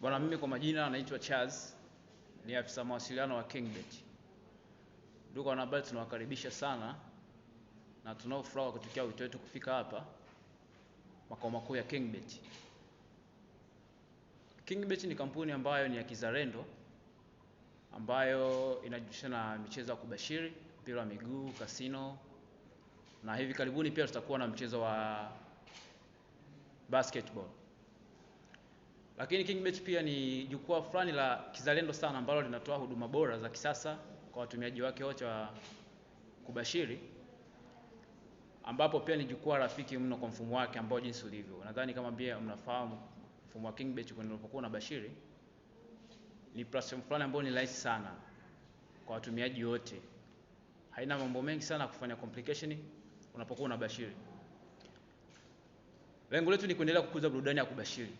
Bwana, mimi kwa majina anaitwa Charles, ni afisa mawasiliano wa KingBet. Ndugu wanahabari, tunawakaribisha sana na tunao furaha wa kutukia wito wetu kufika hapa makao makuu ya KingBet. KingBet ni kampuni ambayo ni ya kizalendo ambayo inajihusisha na michezo ya kubashiri, mpira wa miguu, kasino na hivi karibuni pia tutakuwa na mchezo wa basketball. Lakini KingBet pia ni jukwaa fulani la kizalendo sana ambalo linatoa huduma bora za kisasa kwa watumiaji wake wote wa kubashiri, ambapo pia ni jukwaa rafiki mno kwa mfumo wake ambao jinsi ulivyo. Nadhani kama pia mnafahamu mfumo wa KingBet unapokuwa na bashiri, ni platform fulani ambayo ni rahisi sana kwa watumiaji wote, haina mambo mengi sana kufanya complication unapokuwa unabashiri. Lengo letu ni kuendelea kukuza burudani ya kubashiri.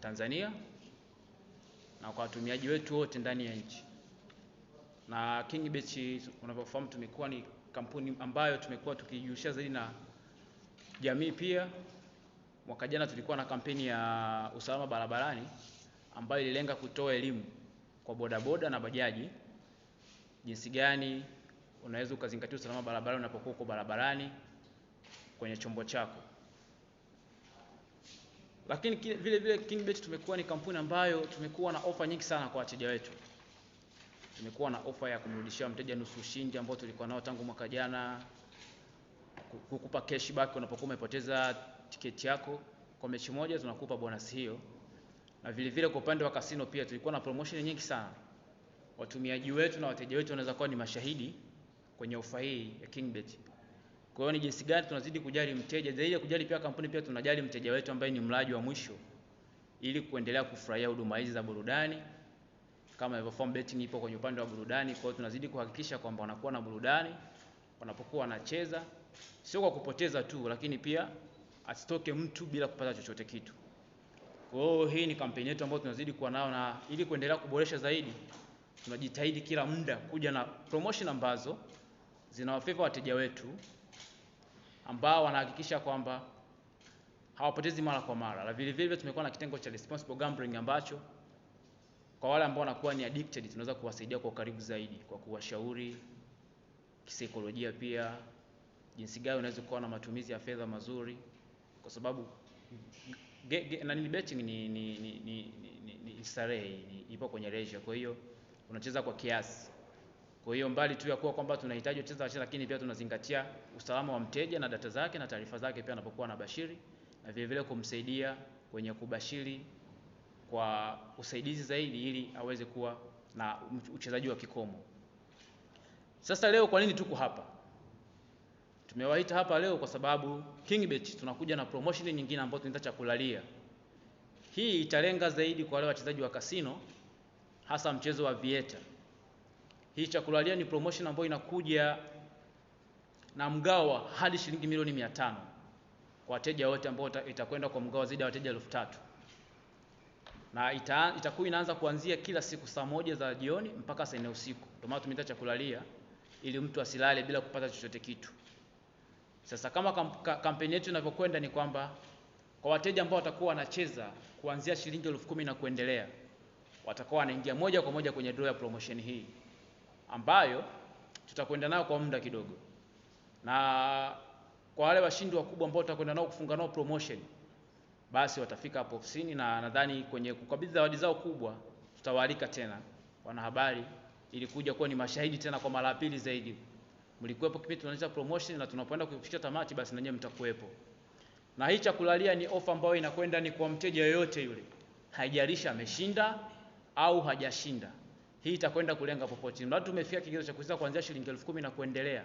Tanzania na kwa watumiaji wetu wote ndani ya nchi. Na KingBetch unavyofahamu, tumekuwa ni kampuni ambayo tumekuwa tukijihusisha zaidi na jamii pia. Mwaka jana tulikuwa na kampeni ya usalama barabarani ambayo ililenga kutoa elimu kwa bodaboda na bajaji, jinsi gani unaweza ukazingatia usalama barabarani unapokuwa uko barabarani kwenye chombo chako. Lakini vile vile KingBet tumekuwa ni kampuni ambayo tumekuwa na ofa nyingi sana kwa wateja wetu. Tumekuwa na ofa ya kumrudishia mteja nusu ushindi ambao tulikuwa nao tangu mwaka jana, kukupa cashback unapokuwa umepoteza tiketi yako kwa mechi moja, tunakupa bonus hiyo. Na vile vile kwa upande wa kasino pia tulikuwa na promotion nyingi sana. Watumiaji wetu na wateja wetu wanaweza kuwa ni mashahidi kwenye ofa hii ya KingBet. Kwa hiyo ni jinsi gani tunazidi kujali mteja, zaidi ya kujali pia kampuni, pia tunajali mteja wetu ambaye ni mlaji wa mwisho, ili kuendelea kufurahia huduma hizi za burudani kama hivyo form betting ipo kwenye upande wa burudani. Kwa hiyo tunazidi kuhakikisha kwamba wanakuwa na burudani wanapokuwa wanacheza, sio kwa kupoteza tu, lakini pia asitoke mtu bila kupata chochote kitu. Kwa hiyo hii ni kampeni yetu ambayo tunazidi kuwa nayo, na ili kuendelea kuboresha zaidi, tunajitahidi kila muda kuja na promotion ambazo zinawafeva wateja wetu ambao wanahakikisha kwamba hawapotezi mara kwa mara, na vile vile tumekuwa na kitengo cha responsible gambling ambacho kwa wale ambao wanakuwa ni addicted tunaweza kuwasaidia kwa karibu zaidi kwa kuwashauri kisaikolojia, pia jinsi gani unaweza kuwa na matumizi ya fedha mazuri, kwa sababu ge, ge, na nini betting ni, ni, ni, ni, ni, ni, ni ni, ipo kwenye leisure, kwa hiyo unacheza kwa kiasi kwa hiyo mbali tu ya kuwa kwamba tunahitaji wachezaji wachache, lakini pia tunazingatia usalama wa mteja na data zake na taarifa zake pia anapokuwa na bashiri, na vile vile kumsaidia kwenye kubashiri kwa usaidizi zaidi, ili aweze kuwa na uchezaji wa kikomo. Sasa leo kwa nini tuko hapa? Tumewaita hapa leo kwa sababu KingBet tunakuja na promotion nyingine ambayo tunaita chakulalia. Hii italenga zaidi kwa wale wachezaji wa kasino hasa mchezo wa vieta. Hii chakulalia ni promotion ambayo inakuja na mgawa hadi shilingi milioni mia tano kwa wateja wote ambao itakwenda kwa mgawa zaidi ya wateja elfu tatu na ita, itakuwa inaanza kuanzia kila siku saa moja za jioni mpaka saa nne usiku. Ndio maana tumeita chakulalia ili mtu asilale bila kupata chochote kitu. Sasa kama kampeni yetu inavyokwenda ni kwamba kwa wateja ambao watakuwa wanacheza kuanzia shilingi elfu kumi na kuendelea watakuwa wanaingia moja kwa moja kwenye draw ya promotion hii ambayo tutakwenda nayo kwa muda kidogo, na kwa wale washindi wakubwa ambao tutakwenda nao kufunga nao promotion, basi watafika hapo ofisini, na nadhani kwenye kukabidhi zawadi zao kubwa tutawaalika tena wanahabari ili kuja kuwa ni mashahidi tena kwa mara pili zaidi. Mlikuwepo kipindi tunaanza promotion na tunapoenda kufikia tamati, basi nanyewe mtakuwepo. Na hii kulalia ni ofa ambayo inakwenda ni kwa mteja yoyote yule, haijalishi ameshinda au hajashinda hii itakwenda kulenga popote, mradi tumefika kigezo cha kuuza kuanzia shilingi elfu kumi na kuendelea.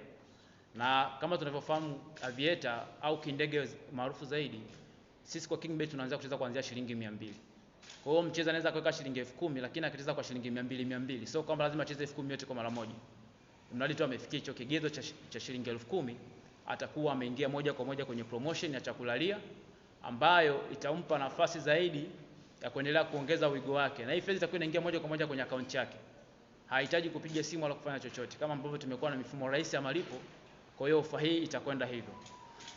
Na kama tunavyofahamu avieta au kindege maarufu zaidi, sisi kwa KingBet tunaanza kucheza kuanzia shilingi 200. Kwa hiyo mcheza anaweza kuweka shilingi elfu kumi lakini akicheza kwa shilingi 200 200, sio kwamba lazima acheze elfu kumi yote kwa mara moja. Mradi tu amefikia hicho kigezo cha, cha shilingi elfu kumi atakuwa ameingia moja kwa moja kwenye promotion ya chakulalia ambayo itampa nafasi zaidi ya kuendelea kuongeza wigo wake, na hii fedha itakuwa inaingia moja kwa moja kwenye akaunti yake hahitaji kupiga simu wala kufanya chochote, kama ambavyo tumekuwa na mifumo rahisi ya malipo. Kwa hiyo ofa hii itakwenda hivyo,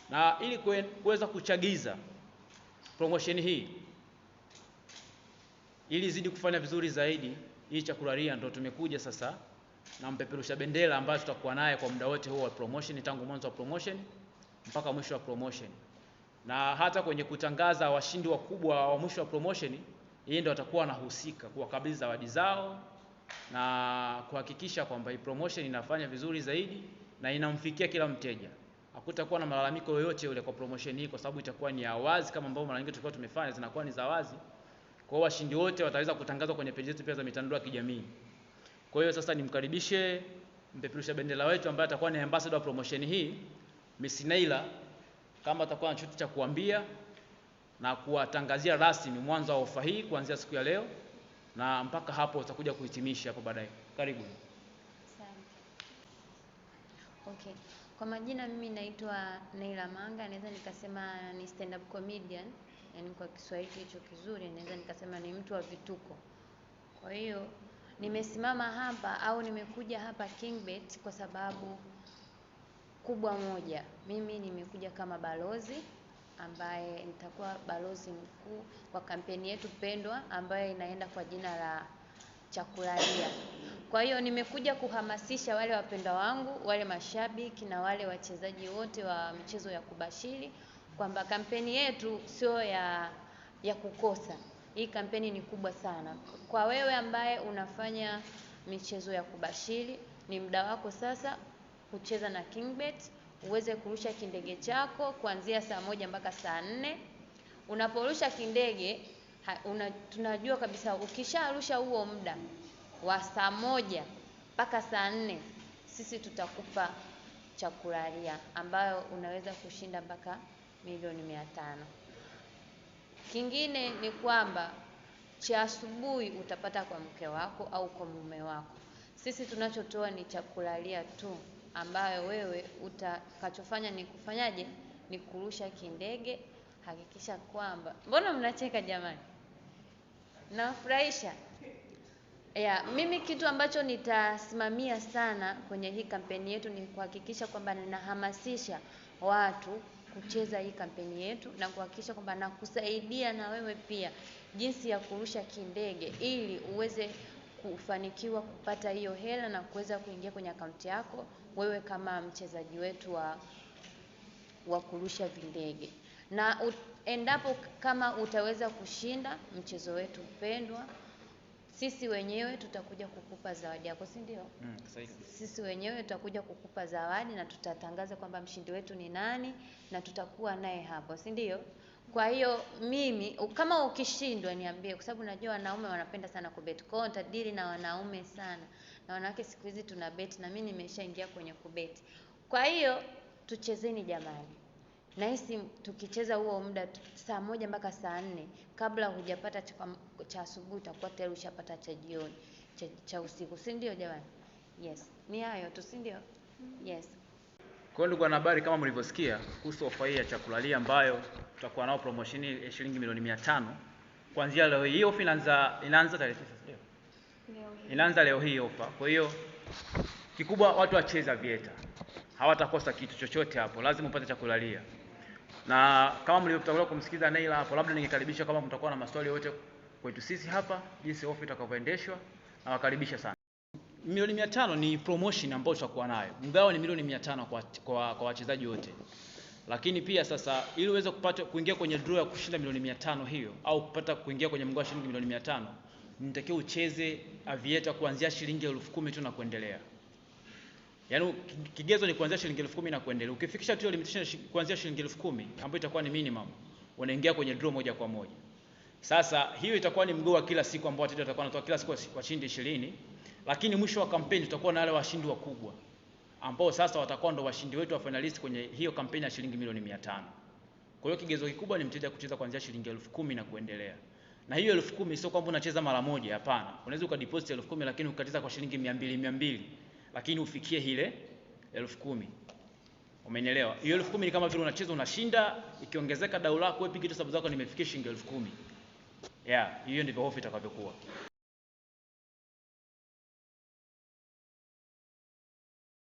na ili kuweza kuchagiza promotion hii ili zidi kufanya vizuri zaidi, hii chakularia ndio tumekuja sasa na mpeperusha bendera ambayo tutakuwa naye kwa muda wote huo wa promotion, tangu mwanzo wa promotion mpaka mwisho wa promotion, na hata kwenye kutangaza washindi wakubwa wa mwisho wa promotion, yeye ndio atakuwa anahusika kuwakabidhi zawadi zao na kuhakikisha kwamba hii promotion inafanya vizuri zaidi na inamfikia kila mteja. Hakutakuwa na malalamiko yoyote yule kwa promotion hii, kwa sababu itakuwa ni ya wazi, kama ambavyo mara nyingi tulikuwa tumefanya, zinakuwa ni za wazi. Kwa hiyo washindi wote wataweza kutangazwa kwenye peji zetu pia za mitandao ya kijamii. Kwa hiyo sasa nimkaribishe mpeperusha bendera wetu ambaye atakuwa ni ambassador wa promotion hii Miss Naila, kama atakuwa na chochote cha kuambia na kuwatangazia rasmi mwanzo wa ofa hii kuanzia siku ya leo na mpaka hapo utakuja kuhitimisha hapo baadaye. Karibu. Okay. Kwa majina mimi naitwa Naila Manga, naweza nikasema ni stand up comedian, yani kwa Kiswahili hicho kizuri naweza nikasema ni mtu wa vituko. Kwa hiyo nimesimama hapa au nimekuja hapa Kingbet kwa sababu kubwa moja. Mimi nimekuja kama balozi ambaye nitakuwa balozi mkuu kwa kampeni yetu pendwa ambayo inaenda kwa jina la Chakulalia. Kwa hiyo nimekuja kuhamasisha wale wapendwa wangu, wale mashabiki na wale wachezaji wote wa michezo ya kubashiri kwamba kampeni yetu sio ya ya kukosa. Hii kampeni ni kubwa sana. Kwa wewe ambaye unafanya michezo ya kubashiri, ni muda wako sasa kucheza na KingBet uweze kurusha kindege chako kuanzia saa moja mpaka saa nne. Unaporusha kindege una, tunajua kabisa ukisharusha huo muda wa saa moja mpaka saa nne sisi tutakupa chakulalia ambayo unaweza kushinda mpaka milioni mia tano. Kingine ni kwamba cha asubuhi utapata kwa mke wako au kwa mume wako. Sisi tunachotoa ni chakulalia tu ambayo wewe utakachofanya ni kufanyaje? Ni kurusha kindege. Hakikisha kwamba, mbona mnacheka jamani? Nawafurahisha ya mimi. Kitu ambacho nitasimamia sana kwenye hii kampeni yetu ni kuhakikisha kwamba ninahamasisha watu kucheza hii kampeni yetu na kuhakikisha kwamba nakusaidia na wewe pia jinsi ya kurusha kindege ili uweze kufanikiwa kupata hiyo hela na kuweza kuingia kwenye akaunti yako wewe kama mchezaji wetu wa, wa kurusha vindege na endapo kama utaweza kushinda mchezo wetu mpendwa sisi wenyewe tutakuja kukupa zawadi yako si ndio? Mm, sisi wenyewe tutakuja kukupa zawadi na tutatangaza kwamba mshindi wetu ni nani na tutakuwa naye hapo si ndio? Kwa hiyo mimi kama ukishindwa niambie, kwa sababu najua wanaume wanapenda sana kubet. Kwa hiyo nitadili na wanaume sana, na wanawake siku hizi tuna beti, na mimi nimeshaingia kwenye kubeti. Kwa hiyo tuchezeni jamani, nahisi tukicheza huo muda saa moja mpaka saa nne, kabla hujapata cha asubuhi utakuwa tayari ushapata cha jioni cha, cha usiku, si ndio jamani? Yes, ni hayo tu, si ndio? Mm. Yes. Kwa hiyo ndugu habari, kama mlivyosikia kuhusu ofa hii ya chakula hii ambayo tutakuwa nao promotion hii shilingi milioni 500 kuanzia leo hii. Ofa inaanza inaanza tarehe leo, inaanza leo hii ofa. Kwa hiyo kikubwa, watu wacheza vieta hawatakosa kitu chochote hapo, lazima upate chakula chakulalia. Na kama mlivyotangulia kumsikiza Naila hapo, labda ningekaribisha kama mtakuwa na maswali yote kwetu sisi hapa, jinsi ofa itakavyoendeshwa, nawakaribisha sana milioni mia tano ni promotion ambayo tutakuwa nayo, mgao ni milioni mia tano kwa, kwa, kwa wachezaji wote lakini pia sasa ili uweze kupata kuingia kwenye draw ya kushinda milioni mia tano hiyo au kupata kuingia kwenye mgao wa shilingi milioni mia tano nitakiwa ucheze avieta kuanzia shilingi elfu kumi tu na kuendelea. Yaani kigezo ni kuanzia shilingi elfu kumi na kuendelea. Ukifikisha tu hiyo limitation kuanzia shilingi elfu kumi ambayo itakuwa ni minimum, unaingia kwenye draw moja kwa moja. Sasa hiyo itakuwa ni mgao wa kila siku ambao wateja watakuwa wanatoa kila siku washindi ishirini lakini mwisho wa kampeni tutakuwa na wale washindi wakubwa ambao sasa watakuwa ndo washindi wetu wa finalist kwenye hiyo kampeni ya shilingi milioni 500. Kwa hiyo kigezo kikubwa ni mteja kucheza kuanzia shilingi elfu kumi na kuendelea, na hiyo elfu kumi sio kwamba unacheza mara moja, hapana. Unaweza ukadeposit elfu kumi lakini ukacheza kwa shilingi 200 200 lakini ufikie ile elfu kumi Umenielewa? Hiyo elfu kumi ni kama vile unacheza unashinda, ikiongezeka dau lako wewe piga tu sababu zako nimefikia shilingi elfu kumi. Yeah, hiyo ndivyo hofu itakavyokuwa.